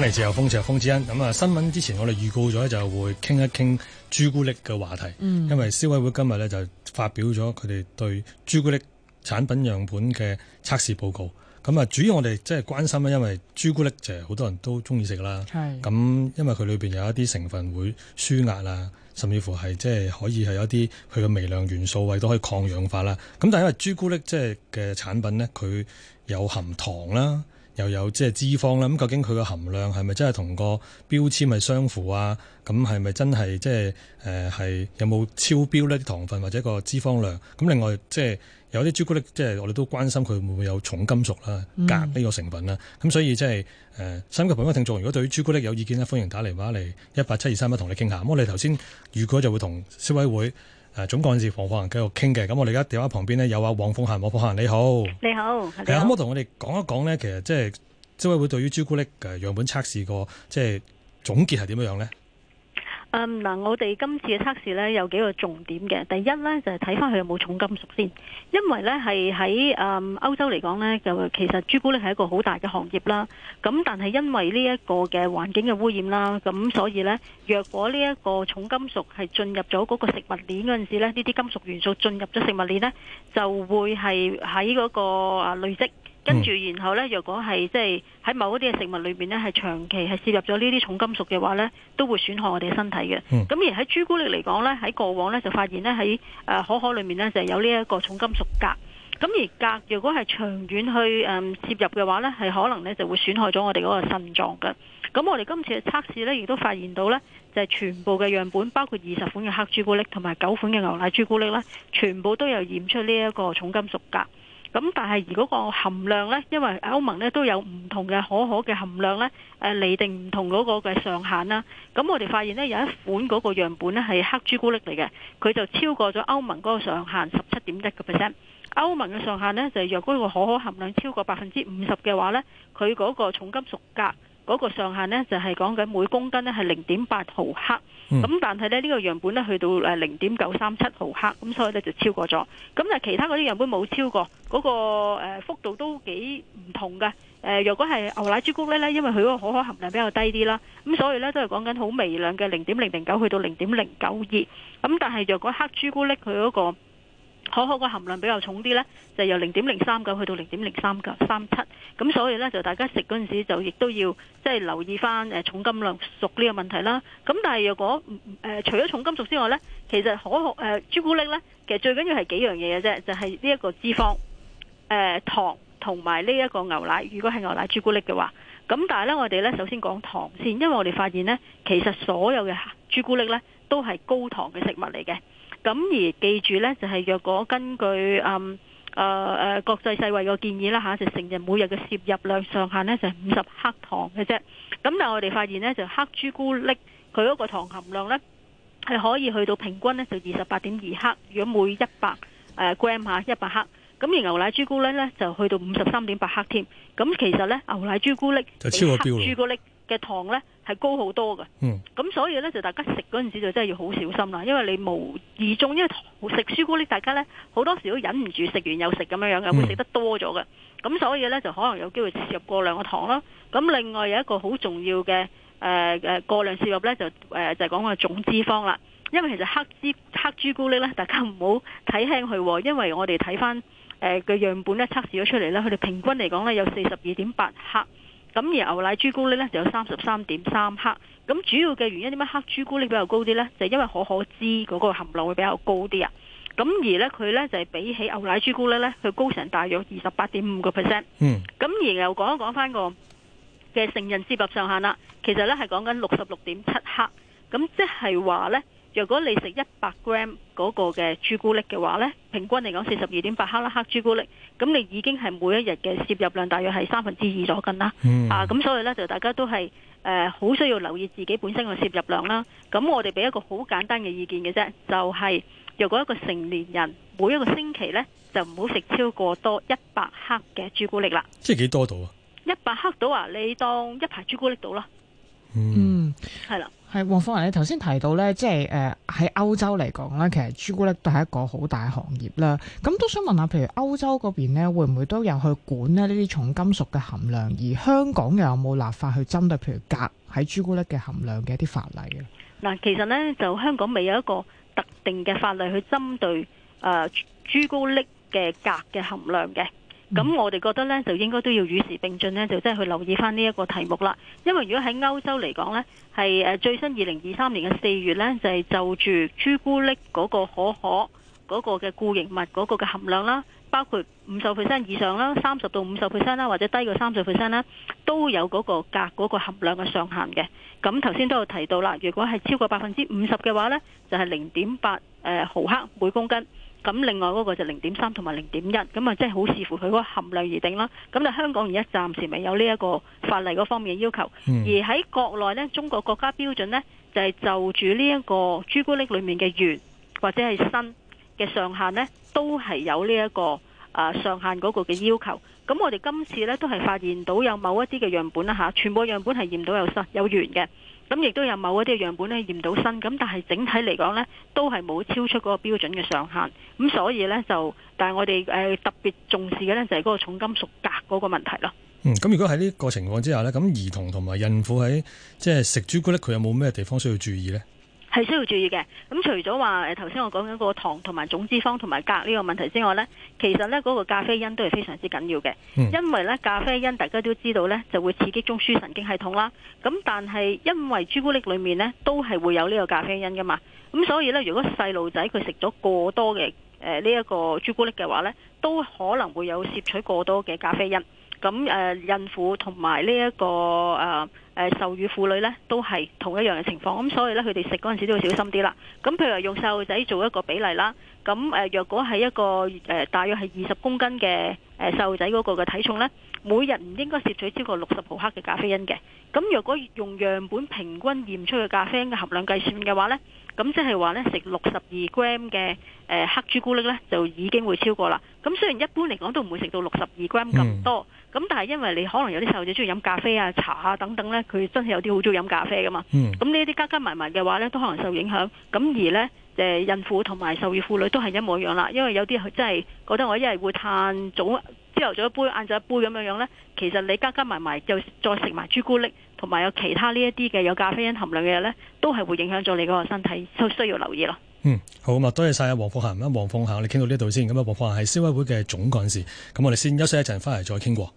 嚟自由風，自由風之恩。咁啊，新聞之前我哋預告咗就會傾一傾朱古力嘅話題。嗯，因為消委會今日咧就發表咗佢哋對朱古力產品樣本嘅測試報告。咁啊，主要我哋即係關心咧，因為朱古力就係好多人都中意食啦。係。咁因為佢裏邊有一啲成分會舒壓啦，甚至乎係即係可以係有一啲佢嘅微量元素，為都可以抗氧化啦。咁但係因為朱古力即係嘅產品咧，佢有含糖啦。又有即係脂肪啦，咁究竟佢個含量係咪真係同個標籤係相符啊？咁係咪真係即係誒係有冇超標呢啲糖分或者個脂肪量？咁另外即係、就是、有啲朱古力，即、就、係、是、我哋都關心佢會唔會有重金屬啦、嗯、鎘呢個成分啦。咁所以即係誒，心、呃、急朋友聽眾，如果對於朱古力有意見咧，歡迎打嚟話嚟一八七二三一，同你傾下。咁我哋頭先預計就會同消委會。誒，總幹事黃鳳嫻繼續傾嘅，咁我哋而家電話旁邊咧有阿黃鳳嫻，黃鳳嫻你好，你好，係啊，可唔可以同我哋講一講咧？其實即係消委會對於朱古力嘅樣本測試個即係總結係點樣樣咧？嗯，嗱，我哋今次嘅測試呢，有幾個重點嘅。第一呢，就係睇翻佢有冇重金屬先，因為呢係喺誒歐洲嚟講呢，就其實朱古力係一個好大嘅行業啦。咁但係因為呢一個嘅環境嘅污染啦，咁所以呢，若果呢一個重金屬係進入咗嗰個食物鏈嗰陣時咧，呢啲金屬元素進入咗食物鏈呢，就會係喺嗰個啊累積。跟住，然後呢，若果係即係喺某一啲食物裏面呢，係長期係攝入咗呢啲重金屬嘅話呢，都會損害我哋身體嘅。咁、嗯、而喺朱古力嚟講呢，喺過往呢，就發現呢，喺可可裏面呢，就係、是、有呢一個重金屬鎘。咁而鎘如果係長遠去誒攝、嗯、入嘅話呢，係可能呢就會損害咗我哋嗰個腎臟嘅。咁我哋今次嘅測試呢，亦都發現到呢，就係、是、全部嘅樣本，包括二十款嘅黑朱古力同埋九款嘅牛奶朱古力呢，全部都有驗出呢一個重金屬鎘。咁但係如果個含量呢，因為歐盟呢都有唔同嘅可可嘅含量呢，嚟定唔同嗰個嘅上限啦。咁我哋發現呢，有一款嗰個樣本呢係黑朱古力嚟嘅，佢就超過咗歐盟嗰個上限十七點一個 percent。歐盟嘅上限呢，就係若果嗰個可可含量超過百分之五十嘅話呢，佢嗰個重金屬價。嗰個上限呢就係講緊每公斤呢係零點八毫克，咁但係呢呢個樣本呢去到誒零點九三七毫克，咁所以呢就超過咗。咁但係其他嗰啲樣本冇超過，嗰個誒幅度都幾唔同嘅。誒，若果係牛奶朱古力呢，因為佢嗰個可可含量比較低啲啦，咁所以呢都係講緊好微量嘅零點零零九去到零點零九二。咁但係若果黑朱古力佢嗰個可可嘅含量比較重啲呢，就由零點零三九去到零點零三九三七，咁所以呢，就大家食嗰陣時就亦都要即係留意翻誒重金量屬呢個問題啦。咁但係若果、呃、除咗重金屬之外呢，其實可可朱古力呢，其實最緊要係幾樣嘢嘅啫，就係呢一個脂肪、呃、糖同埋呢一個牛奶。如果係牛奶朱古力嘅話，咁但係呢，我哋呢首先講糖先，因為我哋發現呢，其實所有嘅朱古力呢，都係高糖嘅食物嚟嘅。咁而記住呢，就係若果根據誒誒、嗯呃、國際世衞嘅建議啦，下就成日每日嘅攝入量上限呢，就係五十克糖嘅啫。咁但係我哋發現呢，就黑朱古力佢嗰個糖含量呢，係可以去到平均呢，就二十八點二克，如果每一百誒 gram 嚇一百克，咁而牛奶朱古力呢，就去到五十三點八克添。咁其實呢，牛奶朱古力就超過黑朱古力嘅糖呢係高好多噶，咁所以呢，就大家食嗰陣時就真係要好小心啦，因為你無意中因為食朱古力，大家呢好多時都忍唔住食完又食咁樣樣嘅，會食得多咗嘅，咁所以呢，就可能有機會攝入過量嘅糖咯。咁另外有一個好重要嘅，誒誒過量攝入呢，就誒、呃、就係講個總脂肪啦，因為其實黑脂黑朱古力呢，大家唔好睇輕佢，因為我哋睇翻誒嘅樣本呢，測試咗出嚟，呢，佢哋平均嚟講呢，有四十二點八克。咁而牛奶朱古力呢就有三十三點三克，咁主要嘅原因點解黑朱古力比較高啲呢？就係、因為可可脂嗰個含量會比較高啲啊。咁而呢，佢呢就係、係、比起牛奶朱古力呢，佢高成大約二十八點五個 percent。咁、嗯、而又講一講翻個嘅成人攝入上限啦，其實呢，係講緊六十六點七克，咁即係話呢。如果你食一百 gram 嗰個嘅朱古力嘅話呢，平均嚟講四十二點八克黑朱古力，咁你已經係每一日嘅攝入量大約係三分之二左右啦，嗯。啊，咁所以呢，就大家都係誒好需要留意自己本身嘅攝入量啦。咁我哋俾一個好簡單嘅意見嘅啫，就係、是、若果一個成年人每一個星期呢，就唔好食超過多一百克嘅朱古力啦。即係幾多度啊？一百克度啊？你當一排朱古力度啦。嗯，係啦。係，黃鳳嫺，你頭先提到咧，即係誒喺歐洲嚟講咧，其實朱古力都係一個好大行業啦。咁都想問下，譬如歐洲嗰邊咧，會唔會都有去管咧呢啲重金屬嘅含量？而香港又有冇立法去針對譬如鎘喺朱古力嘅含量嘅一啲法例嘅？嗱，其實咧就香港未有一個特定嘅法例去針對誒朱古力嘅鎘嘅含量嘅。咁我哋覺得呢，就應該都要與時並進呢，就即係去留意翻呢一個題目啦。因為如果喺歐洲嚟講呢，係誒最新二零二三年嘅四月呢，就係就住朱古力嗰個可可嗰個嘅固形物嗰個嘅含量啦，包括五十 percent 以上啦、三十到五十 percent 啦，或者低過三十 percent 啦，都有嗰個格嗰個含量嘅上限嘅。咁頭先都有提到啦，如果係超過百分之五十嘅話呢，就係零點八毫克每公斤。咁另外嗰個就零點三同埋零點一，咁啊即係好視乎佢嗰個含量而定啦。咁啊香港而家暫時未有呢一個法例嗰方面嘅要求，而喺國內呢，中國國家標準呢就係就住呢一個朱古力裡面嘅鉛或者係砷嘅上限呢，都係有呢一個啊上限嗰個嘅要求。咁我哋今次呢都係發現到有某一啲嘅樣本啦嚇，全部樣本係驗到有砷有鉛嘅。咁亦都有某一啲嘅樣本咧驗到新，咁但係整體嚟講咧，都係冇超出嗰個標準嘅上限，咁所以咧就，但係我哋誒特別重視嘅咧就係嗰個重金屬格嗰個問題咯。嗯，咁如果喺呢個情況之下咧，咁兒童同埋孕婦喺即係食朱古力，佢有冇咩地方需要注意咧？係需要注意嘅。咁除咗話誒，頭先我講緊個糖同埋總脂肪同埋鉀呢個問題之外呢，其實呢嗰個咖啡因都係非常之緊要嘅，因為呢咖啡因大家都知道呢就會刺激中樞神經系統啦。咁但係因為朱古力裏面呢都係會有呢個咖啡因噶嘛，咁所以呢，如果細路仔佢食咗過多嘅誒呢一個朱古力嘅話呢，都可能會有攝取過多嘅咖啡因。咁誒，孕婦同埋呢一個誒誒授乳婦女呢，都係同一樣嘅情況。咁所以呢，佢哋食嗰陣時都要小心啲啦。咁譬如話用細路仔做一個比例啦。咁誒，若果係一個誒，大約係二十公斤嘅誒細路仔嗰個嘅體重呢。每日唔應該攝取超過六十毫克嘅咖啡因嘅，咁如果用樣本平均驗出嘅咖啡因嘅含量計算嘅話呢，咁即係話呢，食六十二 gram 嘅誒黑朱古力呢就已經會超過啦。咁雖然一般嚟講都唔會食到六十二 gram 咁多，咁、嗯、但係因為你可能有啲細路仔中意飲咖啡啊、茶啊等等呢，佢真係有啲好中意飲咖啡噶嘛。咁呢啲加加埋埋嘅話呢，都可能受影響。咁而呢，誒，孕婦同埋受孕婦女都係一模一樣啦，因為有啲佢真係覺得我一係會攤早。朝頭早一杯，晏晝一杯咁樣樣咧，其實你加加埋埋就再食埋朱古力，同埋有其他呢一啲嘅有咖啡因含量嘅嘢咧，都係會影響咗你個身體，都需要留意咯。嗯，好啊，多謝晒啊，黃鳳嫺，咁黃鳳嫺，我哋傾到呢度先。咁啊，黃鳳嫺係消委會嘅總幹事，咁我哋先休息一陣，翻嚟再傾過。